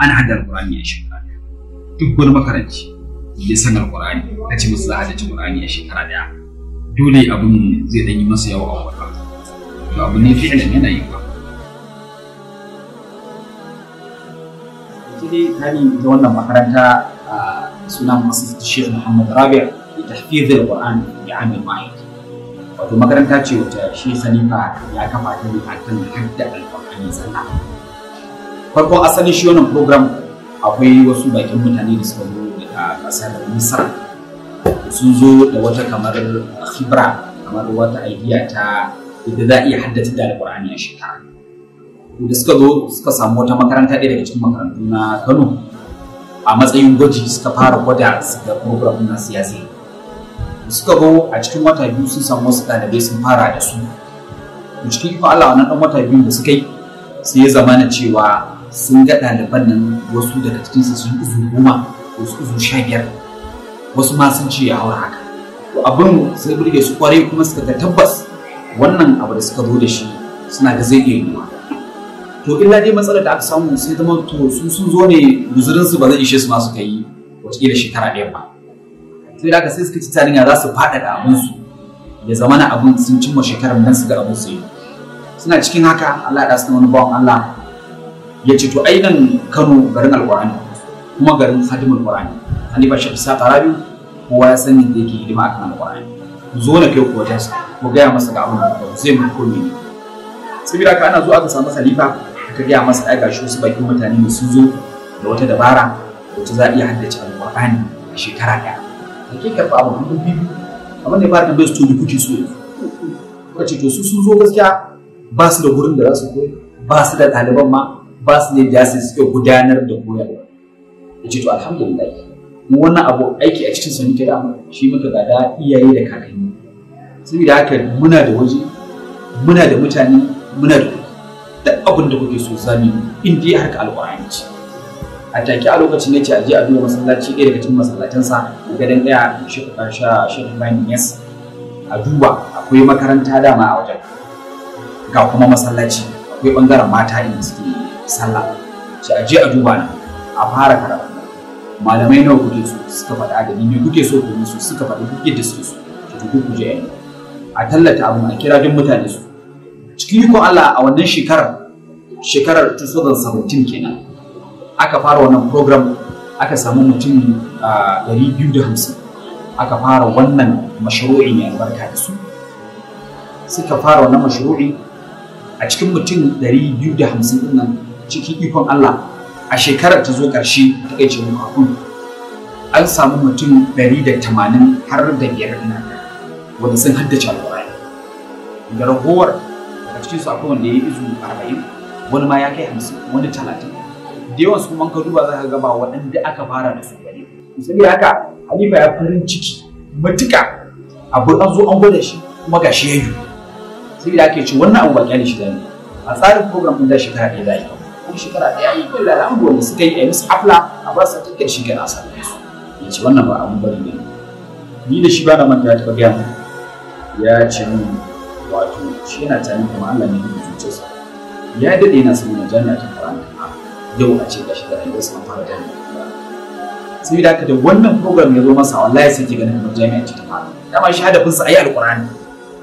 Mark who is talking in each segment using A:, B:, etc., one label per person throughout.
A: ana hada alqur'ani a shekara daya duk wani makaranci ya san alqur'ani a ce musu za a hada alqur'ani a shekara daya dole abin zai dan yi masa yawa a wata to abu ne da yana yi ba dai tani da wannan makaranta suna masu shi Muhammad Rabi'a da tahfizul Qur'an ya amin ma'aikata wato makaranta ce wata shi sanifa ya kafa ta ne a kan hadda alfahari sana'a farko asalin shi wannan program akwai wasu bakin mutane da suka zo daga kasar misar sun zo da wata kamar khibra kamar wata idea ta yadda za a iya haddace da alkur'ani a shekara da suka zo suka samu wata makaranta ɗaya daga cikin makarantu na kano a matsayin gwaji suka fara gwada su da program na siyasa suka zo a cikin wata biyu sun samu wasu ɗalibai sun fara da su cikin ikon Allah wannan ɗan wata biyu da suka yi sai ya zama cewa sun ga ɗaliban nan wasu daga su sun uzu goma wasu uzu sha biyar wasu ma sun ce ya haka to abin sai burge su kwarai kuma suka ga tabbas wannan abu da suka zo da shi suna ga zai iya yiwuwa to illa dai matsalar da aka samu sai zama to su sun zo ne guzurinsu ba zai ishe su ma su kai wataƙila shekara ɗaya ba sai da aka sai suka ci tarinya za su da abinsu ya da na abin sun cimma shekarar nan su ga abin su yi suna cikin haka Allah ya ɗasa wani bawan Allah ya ce to ai nan Kano garin Alƙur'ani kuma garin Hadimul Qur'ani an ba shi sa tarabi kowa ya san da yake hidima akan Alƙur'ani zo na kai kuwa tasa sa ku gaya masa ga abin da zai mu komi ne. saboda haka ana zo aka samu khalifa aka gaya masa ai gashi wasu bakin mutane ne sun zo da wata dabara wacce za a iya haddace Alƙur'ani a shekara ɗaya hakikar ba abu hudu biyu amma ne ba ta bai su tobi kuke so kuka ce to su sun zo gaskiya ba su da gurin da za su koyi ba su da ɗaliban ma ba su ne da su suka gudanar da koyarwa ya ce to alhamdulillah mu wannan abu aiki a cikin sanu kira shi muka gada iyaye da kakanni saboda haka muna da waje muna da mutane muna da duk abin da kuke so sami in dai harka alƙur'ani ci. a take a lokacin ce a je a duba masallaci ɗaya daga cikin masallatansa gadan ɗaya shi ka sha shi ka yes a duba akwai makaranta dama a wajen ga kuma masallaci akwai bangaren mata inda suke sallah shi a je a duba ni a fara karatu malamai nawa kuke so suka faɗa da ni me kuke so ku su suka faɗi kuke da suke so ki duk ku je yanzu a tallata abun a kira duk mutane su cikin ikon Allah a wannan shekarar shekarar 2017 kenan aka fara wannan program aka samu mutum 250 aka fara wannan mashru'i mai albarka da su suka fara wannan mashru'i a cikin mutum 250 din nan cikin ikon Allah a shekarar ta zo ƙarshe ta kai ce makon, an samu mutum 180 har da biyar na wanda sun haddace alƙur'ani da ragowar a cikin sako wanda ya yi izu 40 wani ma ya kai 50 wani 30 da yawan su kuma ka duba za ka gaba waɗanda aka fara da su gare saboda haka Halifa ya farin ciki matuka abu an zo an gwada shi kuma ga shi ya yi saboda ake ce wannan abu ba kyale shi zai a tsarin program ɗin da shekara ɗaya za a yi ko shekara ɗaya yi bin lalambuwa da suka yi a musu afla a ba su tattar sami su ya ce wannan ba abin bari ne ni da shi ba na manta ta gaya ya ce min wato shi yana tani kuma Allah ne ya zuciyarsa ya daɗe yana son na janna ta ma yau a ce ga shi da rayuwar sa fara janna sai da haka da wannan program ya zo masa wallahi sai ke ganin kamar jami'a ce ta fara dama shi hadafin sa ayi al'kurani.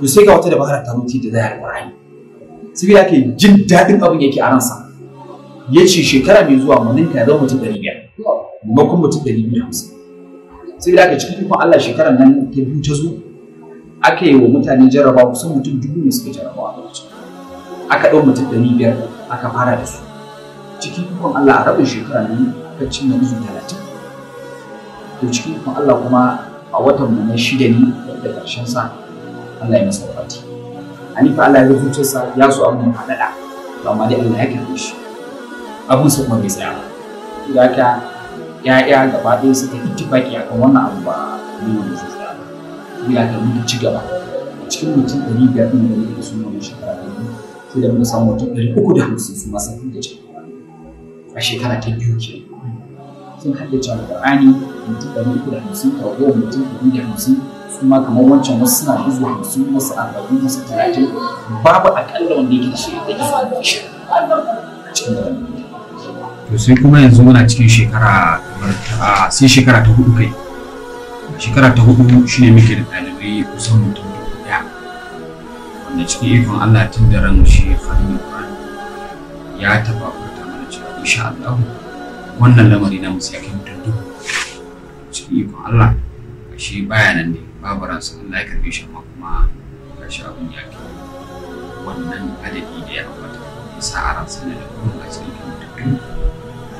A: to sai ga wata dabara ta mutu da zai alqur'ani sai da haka jin daɗin abin yake a ransa ya ce shekara mai zuwa mu ya zama mutum ɗari biyar maimakon mutum ɗari biyu hamsin sai da aka cikin ikon Allah shekarar nan ta biyu ta zo aka yi wa mutane jaraba kusan mutum dubu ne suka jaraba a lokacin aka ɗau mutum ɗari biyar aka fara da su cikin ikon Allah a rabin shekara nan ci na musu talatin to cikin ikon Allah kuma a watan mu na shida ne da ƙarshen sa Allah ya masa wafati Hanifa Allah ya zuciyarsa ya so abin faɗaɗa to amma dai Allah ya karɓe abun su kuma bai tsaya ba da haka ya'ya gaba ɗaya ta yi baki a kan wannan abu ba ne wanda zai tsaya ba da haka muka ci gaba cikin mutum ɗari biyar ɗin da muke su ne shekara ɗari sai da muka samu mutum ɗari uku da hamsin su ma sun da jama'a a shekara ta biyu ke sun haddace alƙur'ani mutum ɗari uku da hamsin ragowar mutum ɗari da hamsin su ma kamar wancan wasu suna da zuwa hamsin wasu arba'in wasu talatin babu aƙalla wanda yake da shi da ke zuwa a cikin da to sai kuma yanzu muna cikin shekara a sai shekara ta hudu kai shekara ta hudu shine muke da dalibai kusan mutum ya ɗaya wanda cikin ikon Allah tun da ran shi fadin Fahimi ya taba furta mana cewa insha Allah wannan lamari na musu ya kai cikin ikon Allah shi baya nan ne babu ran ransa Allah ya karbe shi amma kuma kashi abun ya ke wannan adadi da ya ambata ya sa a ransa ne da kuma a cikin mutum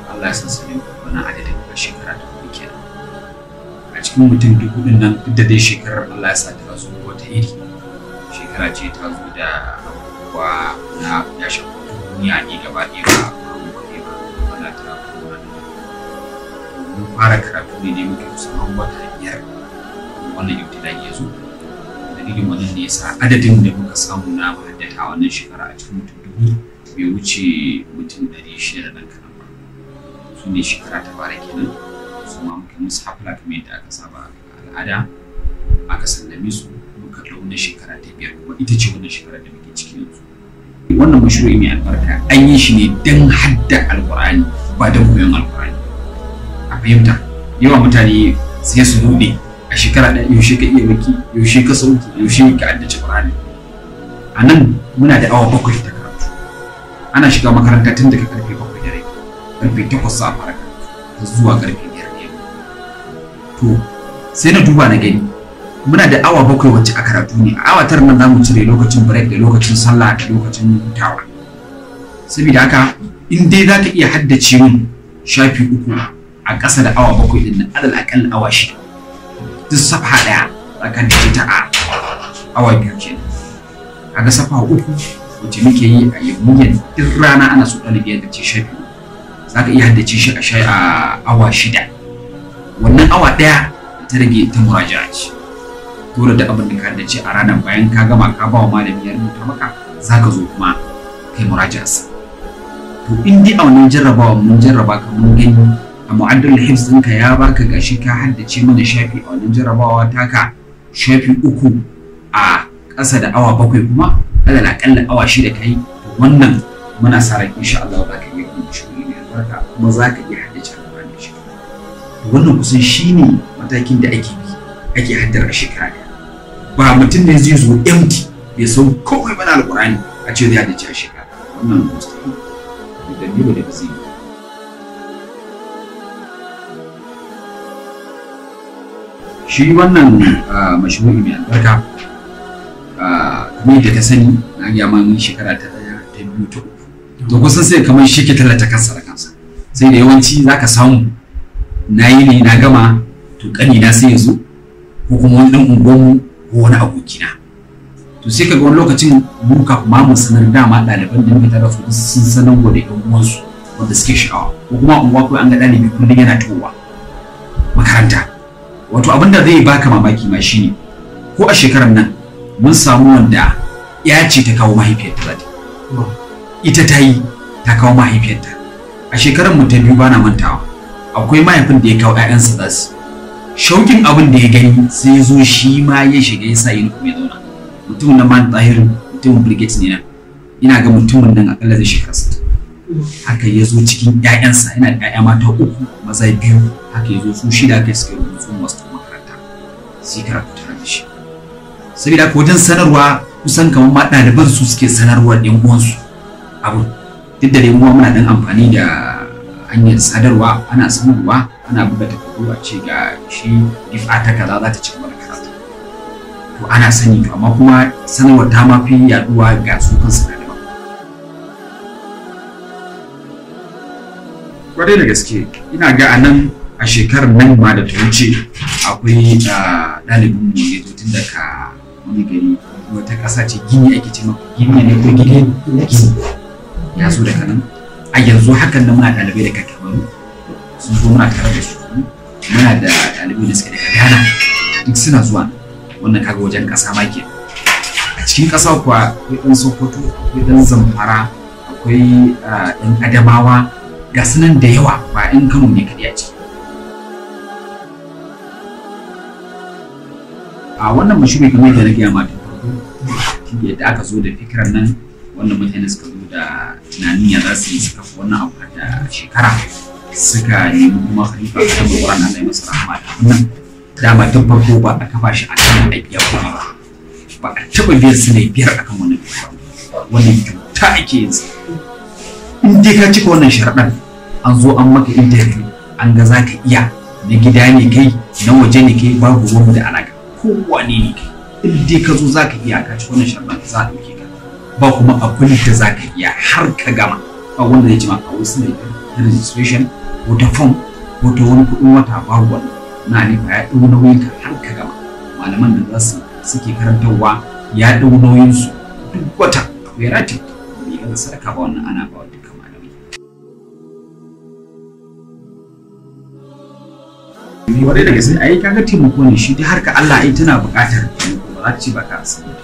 A: Allah ya san sanin wannan adadin a shekara ta hudu kenan a cikin mutum dubu din nan duk da dai shekarar Allah ya sa ta zo wata iri shekara ce ta zo da abubuwa na ya shafi duniya ne gaba ɗaya ba Allah ta mun fara karatu ne ne muke musamman wata biyar wannan ibtila'i ya zo digin wannan ne yasa adadin da muka samu na muhaddata wannan shekara a cikin mutum dubu bai wuce mutum ɗari shida da kana. tunda shekara ta fara kenan su ma muka musu hafla kamar yadda aka saba al'ada aka sallame su muka ɗau na shekara ta biyar kuma ita ce wannan shekara da muke ciki yanzu wannan mashru'i mai albarka an yi shi ne don hadda alkur'ani ba don koyon alkur'ani a fahimta yawa mutane sai su rude a shekara ɗaya yaushe ka iya baki yaushe ka sauki yaushe ka addace ƙur'ani a nan muna da awa bakwai ta karatu ana shiga makaranta tun daga karfe bakwai karfe takwas a farka zuwa karfe biyar ne to sai na duba na gani muna da awa bakwai wacce a karatu ne a awa tara nan za mu cire lokacin break da lokacin sallah da lokacin hutawa saboda haka in dai za ka iya haddace mun shafi uku a ƙasa da awa bakwai din nan alal aƙalla awa shida duk safa ɗaya ka da ta a awa biyu kenan ga safa uku wacce muke yi a yau duk rana ana so ɗalibi yadda ce shafi uku za ka iya haddace shi a a awa shida wannan awa ɗaya ta rage ta muraja ce dole da abin da ka haddace a ranar bayan ka gama ka ba wa malami ya rubuta maka za ka zo kuma kai sa. to in dai a wannan jarrabawa mun jarraba ka mun gani a mu'addal hifz ɗinka ya baka gashi ka haddace mana shafi a wannan jarrabawa taka shafi uku a ƙasa da awa bakwai kuma alal akalla awa shida kai wannan muna sa ran insha Allah ba albarka kuma za ka iya haddace cikin da shi wannan kusan shi ne matakin da ake bi ake haddar a shekara ba mutum ya zai zo empty bai san komai ba na alƙur'ani a ce zai haddace a shekara wannan mustafi da ne da zai yi shi wannan ah, mashirin mai albarka ah, kamar yadda ka sani na gaya ma shekara ta daya ta biyu ta uku to kusan sai kamar shi ke tallata kansa sai da yawanci za ka samu na yi ne na gama to ƙani na sai ya zo ko kuma wani ɗan unguwanmu ko wani abokina to sai ga wani lokacin mu kafin ma mu sanar dama ɗaliban da muke tare da su sun sanar wa da ɗan uwansu wanda suke sha'awa ko kuma unguwa ko an ga ɗalibi kullum yana towa makaranta wato abin da zai baka mamaki ma shine ko a shekarar nan mun samu wanda ya ce ta kawo mahaifiyarta hmm. ita ta yi ta kawo mahaifiyarta a shekarar mu ta biyu bana mantawa akwai mahaifin da ya kawo ƴaƴansa za su shaukin abin da ya gani sai ya zo shi ma ya shiga ya sa yin kuma ya zauna mutumin nan man tahirin mutumin brigade ne nan ina ga mutumin nan akalla zai shekara sittin haka ya zo cikin ƴaƴansa yana da ƴaƴa mata uku maza biyu haka ya zo su shida kai suke rubutu masu makaranta sai karatu tare da shi saboda ko wajen sanarwa kusan kamar ma ɗaliban su suke sanarwa ɗan uwansu abin duk da mu muna dan amfani da hanyar sadarwa ana sanarwa ana buga takardu a ce ga shi difa ta kaza za ta ci gaba da karatu to ana sani to amma kuma sanarwa ta ma fi yaduwa ga su kansu ɗaliban kwarai da gaske ina ga anan a shekarar nan ma da ta wuce akwai ah, ɗalibin mu ne tun daga wani gari wata ƙasa ce gini ake ce gini ne ko gini gini ya so daga nan a yanzu hakan nan muna ɗalibai daga kamaru sun zo muna tare da su muna da ɗalibai da suke daga Gana duk suna zuwa wannan kaga wajen ƙasa ma a cikin ƙasa kuwa akwai ɗan sokoto akwai ɗan zamfara akwai ɗan adamawa ga sunan da yawa ba ɗan kano ne kaɗai a ciki a wannan mashi mai kamar da na gaya ma da farko da aka zo da fikirar nan wannan mutane suka zo tunanin ya za su yi suka wannan abu da shekara suka nemi kuma khalifa ta mabara Allah ya masa rahama da wannan dama tun farko ba a kafa shi a kan aibiya ba ba a taɓa biyan su ne biyar akan wannan kyauta wannan kyauta ake yin in dai ka cika wannan sharaɗan an zo an maka interview an ga za ka iya na gida ne kai na waje ne kai babu ruwanmu da alaƙa kowane ne kai in dai ka zo za ka iya ka cika wannan sharaɗan za ka iya. ba kuma abin da za ka iya har ka gama ba wanda ya ce maka wasu ne da registration ko ta form ko ta wani kuɗin wata ba wanda na ne ba ya ɗau nauyin ka har ka gama malaman da za su suke karantarwa ya ɗau nauyin su duk wata ya ratin bai ga sadaka ba wannan ana ba duka malamai. Ni wadai daga sai yi kaga taimako ne shi dai harka Allah ai tana buƙatar taimako ba za ta ce ba ka asali.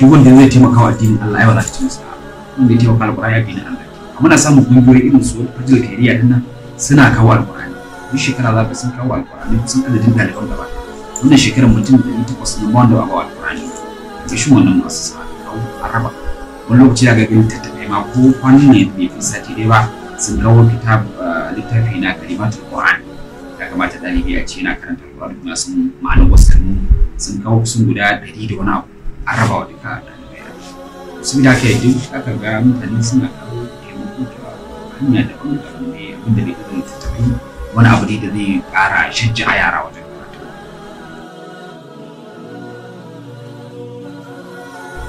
A: shi wanda zai taimaka wa addinin Allah ya ba za ta ci masa wanda ya taimaka alƙur'ani addinin Allah muna samun ƙungiyoyi irin su fajil kariya din nan suna kawo alƙur'ani duk shekara za ka sun kawo alƙur'ani sun adadin ɗaliban gaba wannan shekarar mutum ɗari takwas ne wanda ba ba alƙur'ani ga shi wannan masu sa kawo a raba wani lokaci ya ga ganin tattaɓe ma ko kwanan ne bai fi sati ɗaya ba sun kawo kitab ah, littafi na kalimatul qur'an ya kamata ɗalibi a ce yana karanta qur'ani sun ma'anar wasu sun kawo kusan guda ɗari da wani a raba wa duka ɗalibai su da aka yi aka ga mutane suna kawo taimako ta hanya da kuma da ne abin da zai zai tattabi wani abu ne da zai ƙara shajja a yara wajen karatu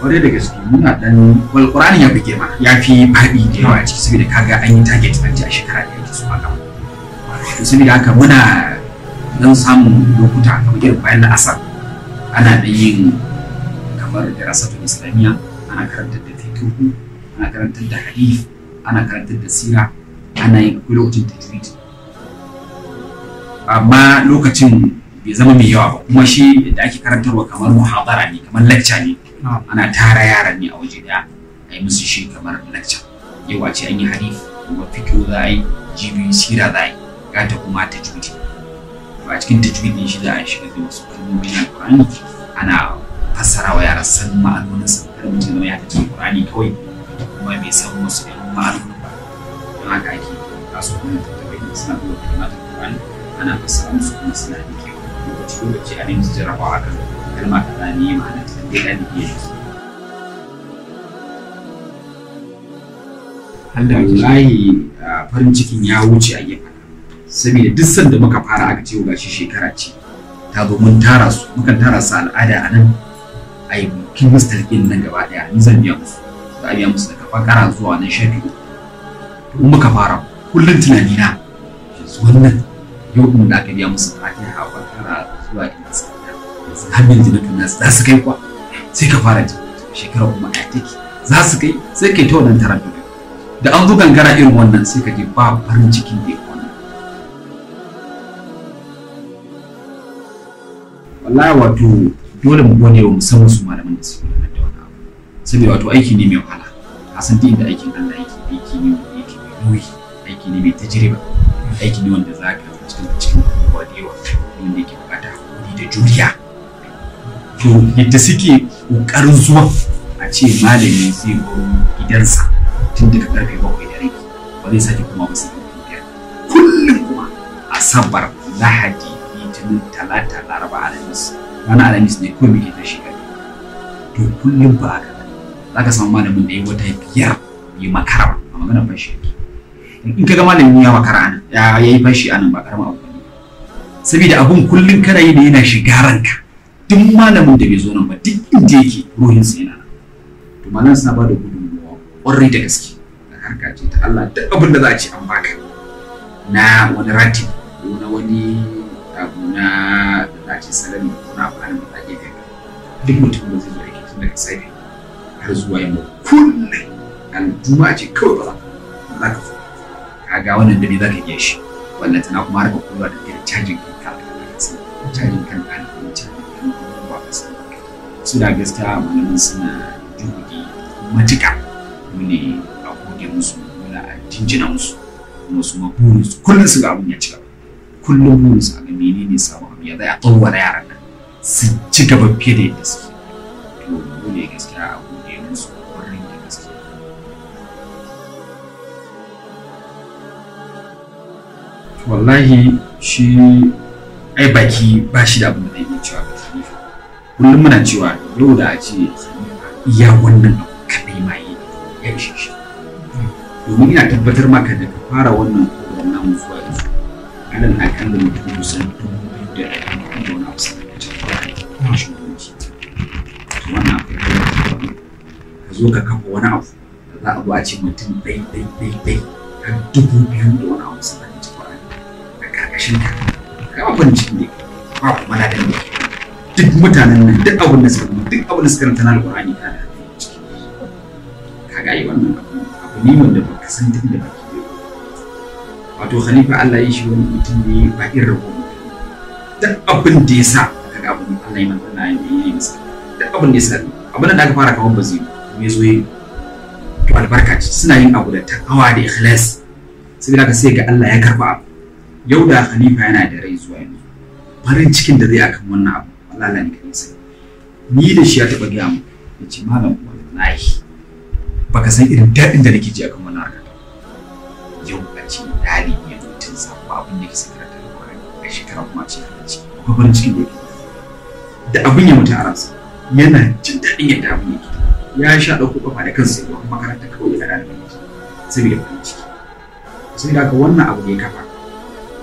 A: kwarai da gaske muna dan walƙurani ya fi ma. ya fi faɗi da yawa a ciki saboda kaga an yi target ɗin a shekara da yake su a gaba saboda haka muna don samun lokuta kamar irin bayan la'asar ana da yin labarin darasatul islamiyya ana karantar da fiqhu ana karantar da hadith ana karantar da sira ana yin akwai lokacin tajwid amma lokacin bai zama mai yawa ba kuma shi da ake karantarwa kamar muhabara ne kamar lacca ne ana tara yaran ne a waje daya a yi musu shi kamar lacca yawa ce an yi hadith kuma fiqhu za a yi jibi sira za a yi gata kuma tajwid a cikin tajwid ne shi za a shiga da wasu kalmomi na Qur'ani ana fassara wa yara san ma'anonin sa zama ya ta Qur'ani kawai kuma bai san musu da ma'anonin ba don haka ake kasu kuma ta tabbata suna da kalmar Qur'ani ana fassara musu kuma suna da kyau lokaci lokaci a nemi jarabawa akan kalma kaza ne ma'anar ta da ya dake shi hadda farin cikin ya wuce a gefe. saboda duk sanda muka fara aka ce gashi shekara ce ta zo mun tara su mukan tara su al'ada a nan a yi kin musu nan gaba daya ni zan biya musu za a biya musu da daga fakara zuwa nan shafi uku to in muka fara kullum tunani na yanzu wannan yau in da aka biya musu fatiha a fakara zuwa ina sanya yanzu har yanzu na tunani za su kai kuwa sai ka fara ji shekara kuma a take za su kai sai kai ta wannan tarar da an zo gangara irin wannan sai ka ji ba farin cikin da wannan. wallahi wato dole mu gode wa musamman su malaman da suke gudanar da wani abu saboda wato aiki ne mai wahala a san duk inda aikin Allah yake aiki ne yake mai nauyi aiki ne mai tajriba aiki ne wanda za ka cikin cikin abubuwa da yawa wanda yake bukata hakuri da juriya to yadda suke ƙoƙarin zuwa a ce malami zai gurin gidansa tun daga karfe bakwai da rabi ba zai sake kuma ba sai kullum kuma asabar lahadi litinin talata laraba alhamis ranar alhamis ne kawai muke tashi gari to kullum ba haka za ka samu malamin da ya wata biyar yi makara a maganar fashi yake in ka ga malamin ya makara anan ya yi fashi anan ba karama abu ne saboda abun kullum kana yi da yana shiga ranka duk malamin da bai zo nan ba duk inda yake sa yana to malamin suna ba da gudunmuwa ƙwarai da gaske da harka ce ta Allah duk abin da za a ce an baka na wani rati ko na wani abu na ce salari ko na ba ni a gefe duk mutum da zai zo aiki tun daga sai har zuwa yamma kullum an juma ce kawai ba za ka zo ka ga wannan dare za ka iya shi wannan tana kuma harka kula da irin cajin kanka da kasa cajin kanka da kuma cajin ka da kuma kasa su da gaskiya malamin suna dubi matuƙa mune a gode musu muna a jinjina musu kuma su ma burin kullum su ga abin ya cika kullum burin su a ga menene ba. ya zai a tsawara yaran nan su ci gaba fiye da yadda suke to mu ne gaskiya a buɗe musu wurin da gaske wallahi shi ai baki ba shi da abin da yake cewa ba khalifa kullum muna cewa yau da a ce iya wannan abu kaɗai ma yi ya ishe shi domin ina tabbatar maka da ka fara wannan program namu zuwa yanzu anan akalla mutum kusan ka zo ka kafa wani abu za a zo a ce mutum dai dai dai dai har dubu biyu da wani abu sanarci kwanan a karkashin ka kai ma farin ciki ne ba kuma na dan duk mutanen nan duk abin da suka duk abin da suka ranta na alƙur'ani ka da ka ga yi wannan abu ne wanda ba ka san duk da ba ke wato khalifa Allah ya shi wani mutum ne ba irin rabu duk abin da ya sa kaga abin da, Allah ya manta na yi yi masa duk abin da ya sa abin da aka fara kawon ba zai me zo yi to albarka ce suna yin abu da takawa da ikhlas saboda ka sai ga Allah ya karba abu yau da khalifa yana da rai zuwa yanzu farin cikin da zai akan wannan abu Allah Allah ne kadai sai ni da shi ya taba gaya mu ya ce malam wallahi baka san irin daɗin da nake ji akan wannan harkar yau a ce dalibi ya mutunsa ba abin da ke saka shekara kuma ce ya ce akwai farin cikin da yake da abin ya mutu a ransa yana jin daɗin yadda abin yake ya sha ɗauko kafa da kansa ya kuma makaranta kawai da ɗalibin yake saboda farin ciki sai da wannan abu ne kafa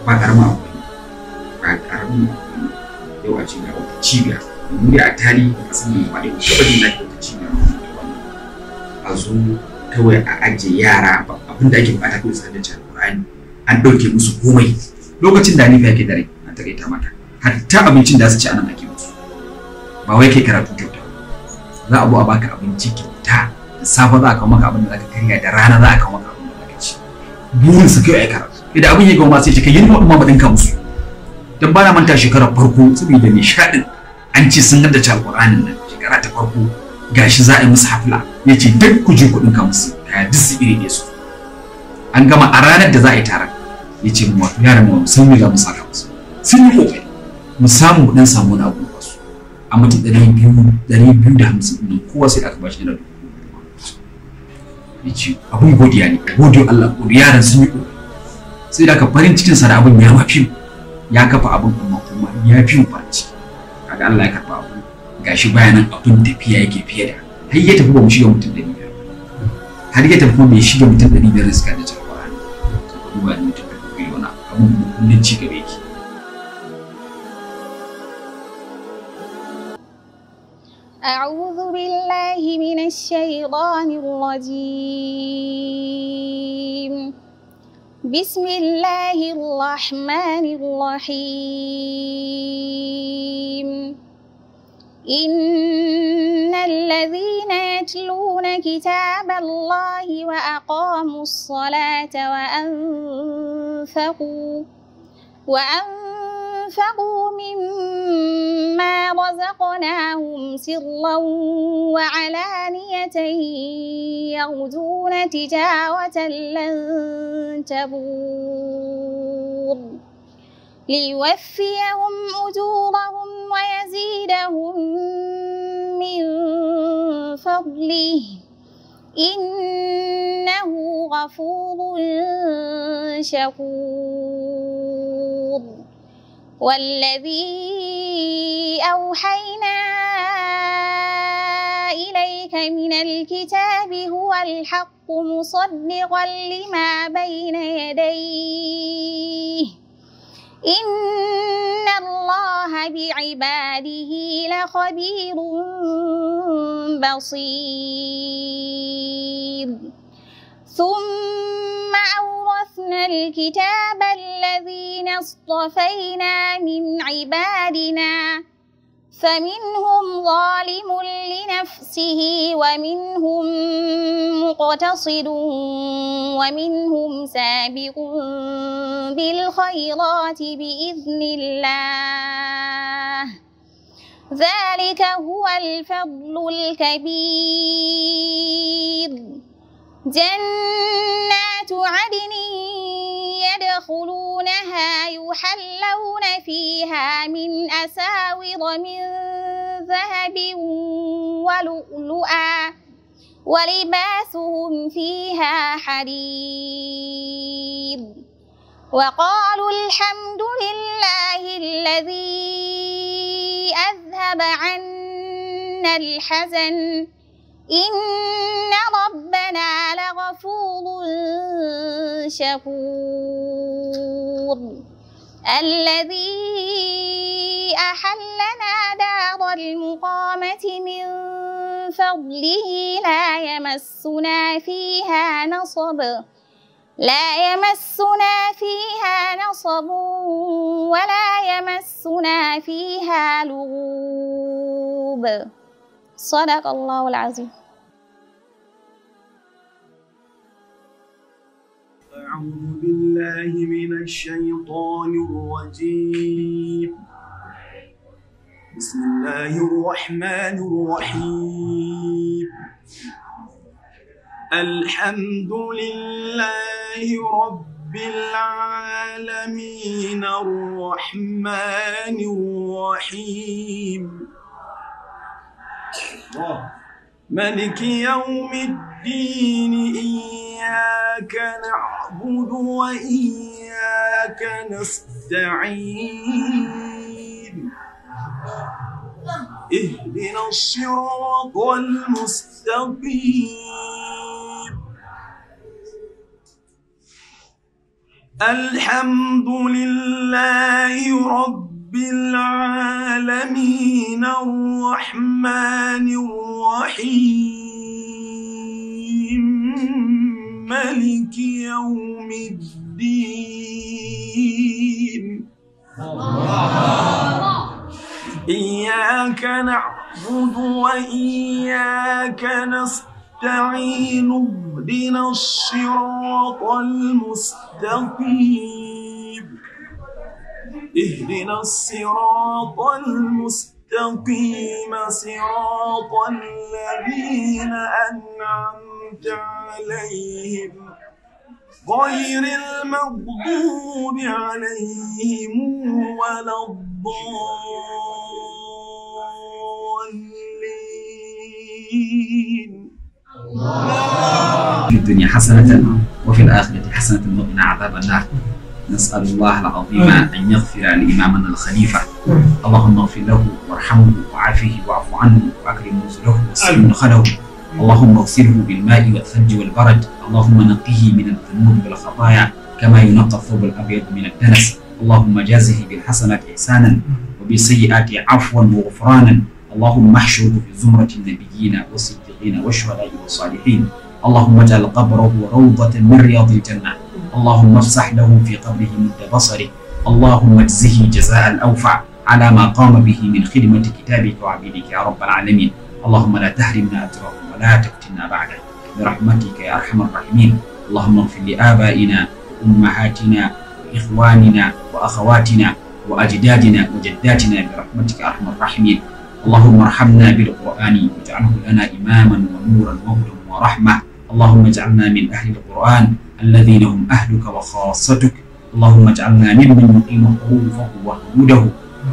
A: ba ƙaramin abu ne ba ƙaramin abu ne yau a ce ga wata cibiya Mun yi a tarihi a sanin ba da taɓa jin daɗin wata cibiya a zo kawai a ajiye yara abin da ake bukata kawai sanar da alƙur'ani an ɗauke musu komai lokacin da Hanifa yake dare an takaita mata Har ta abincin da za su ci anan ake musu ba wai kai karatu kyauta za a bu a baka abinci kyauta da safe za a kawo maka abin da za ka karya da rana za a kawo maka abin da za ka ci burin su kai ai karatu idan abin ya gawo masu sai ce kai yin ma ba ka musu dan bana manta shekarar farko saboda nishaɗin. an ce sun da ta alqur'anin nan shekara ta farko gashi za a yi musu hafla ya ce duk ku je ku dinka musu ya duk su iri ne su an gama a ranar da za a yi taron ya ce mu yaran mu san me za mu saka musu sun yi kokari mu samu mu dan samu wani abu ba su a mata ɗari biyu ɗari biyu da hamsin ɗin kowa sai aka bashi da ya ce abun godiya ne godiyo Allah godiya yaran sun yi kokari sai da aka farin cikin sa da abun ya mafi ya kafa abun amma kuma ya fi mu farin ciki kaga Allah ya karɓa abu gashi bayanan abun tafiya yake fiye da har ya tafi ba mu shiga mutum da biyar har ya tafi ba mu shiga mutum da biyar da suka da
B: أعوذ بالله من الشيطان الرجيم بسم الله الرحمن الرحيم إن الذين يتلون كتاب الله وأقاموا الصلاة وأنفقوا وأنفقوا مما رزقناهم سرا وعلانية يرجون تجارة لن تبور ليوفيهم أجورهم ويزيدهم من فضله إنه غفور شكور والذي أوحينا إليك من الكتاب هو الحق مصدقا لما بين يديه الله بعباده لخبير بصير ثم أورثنا الكتاب الذين اصطفينا من عبادنا فمنهم ظالم لنفسه ومنهم مقتصد ومنهم سابق بالخيرات بإذن الله ذلك هو الفضل الكبير جنات عدن يدخلونها يحلون فيها من أساور من ذهب ولؤلؤا ولباسهم فيها حرير وقالوا الحمد لله الذي أذهب عنا الحزن إن ربنا لغفور شكور الذي أحلنا دار المقامة من فضله لا يمسنا فيها نصب لا يمسنا فيها نصب ولا يمسنا فيها لغوب صدق الله العظيم
C: أعوذ بالله من الشيطان الرجيم بسم الله الرحمن الرحيم الحمد لله رب العالمين الرحمن الرحيم ملك يوم الدين إياك نعبد وإياك نستعين اهدنا الصراط المستقيم الحمد لله رب رب العالمين الرحمن الرحيم ملك يوم الدين إياك نعبد وإياك نستعين اهدنا الصراط المستقيم اهدنا الصراط المستقيم صراط الذين أنعمت عليهم غير المغضوب عليهم ولا الضالين
A: الله في الدنيا حسنة وفي الآخرة حسنة وقنا عذاب النار نسأل الله العظيم أن يغفر لإمامنا الخليفة اللهم اغفر له وارحمه وعافه واعف عنه وأكرم نزله وسلم مدخله اللهم اغسله بالماء والثلج والبرد اللهم نقيه من الذنوب والخطايا كما ينقى الثوب الأبيض من الدنس اللهم جازه بالحسنات إحسانا وبالسيئات عفوا وغفرانا اللهم احشره في زمرة النبيين والصديقين والشهداء والصالحين اللهم اجعل قبره روضة من رياض الجنة اللهم افسح له في قبره مد بصره اللهم اجزه جزاء الأوفع على ما قام به من خدمة كتابك وعبيدك يا رب العالمين اللهم لا تحرمنا أجره ولا تفتنا بعده برحمتك يا أرحم الراحمين اللهم اغفر لآبائنا وأمهاتنا وإخواننا وأخواتنا وأجدادنا وجداتنا برحمتك يا أرحم الراحمين اللهم ارحمنا بالقرآن واجعله لنا إماما ونورا وهدى ورحمة اللهم اجعلنا من أهل القرآن الذين هم أهلك وخاصتك اللهم اجعلنا ممن يقيم حروفه وحدوده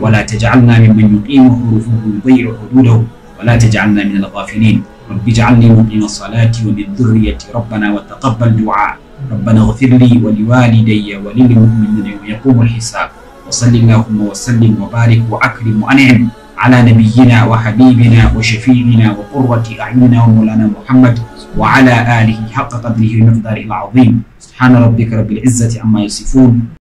A: ولا تجعلنا ممن يقيم حروفه ويضيع حدوده ولا تجعلنا من الغافلين رب اجعلني مقيم الصلاة ومن ذريتي ربنا وتقبل دعاء ربنا اغفر لي ولوالدي وللمؤمنين يوم يقوم الحساب وصل اللهم وسلم وبارك وأكرم وأنعم على نبينا وحبيبنا وشفيعنا وقرة أعيننا ومولانا محمد
C: وعلى آله حق قدره ومقداره العظيم سبحان ربك رب العزة عما يصفون